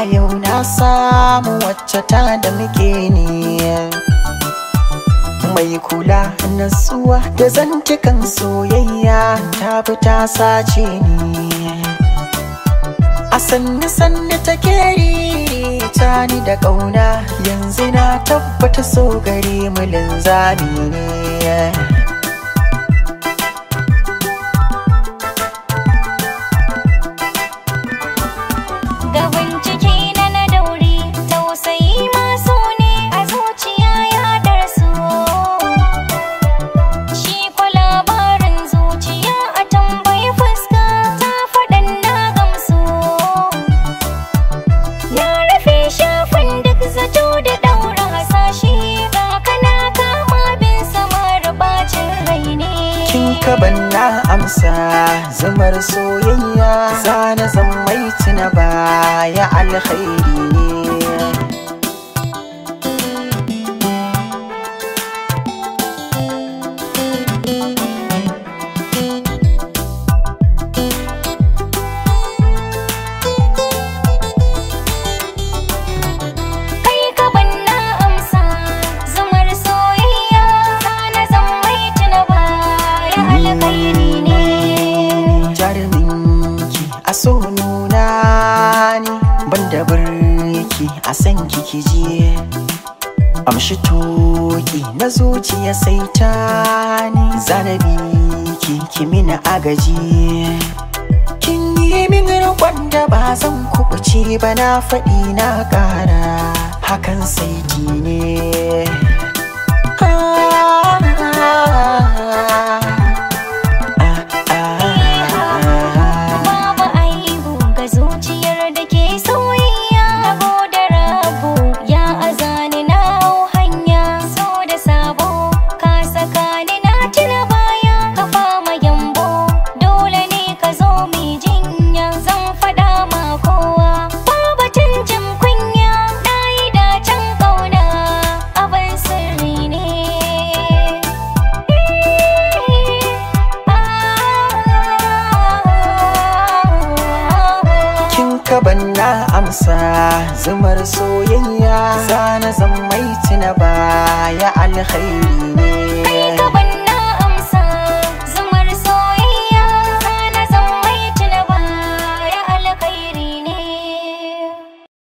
a yau na samu wacce ta da muke ni mai kula natsuwa da zantukan soyayya ta fi ta sace ni a sanni sannu ta keri ta ni da ƙauna yanzu na tabbata so gare mu linzami ne ka na amsa zamar soyayya zana mai tuna baya alkhairi ne alkhairi jaruminki a so nuna ne banda birki a san kiki jiye amshi toki na zuciya sai ta ne zanabi ki kimina agaji kin yi min roƙon da ba zan kuɓuce ba na faɗi na ƙara hakan saiti ne sa zumar soyayya sana zan mai tuna baya alkhairi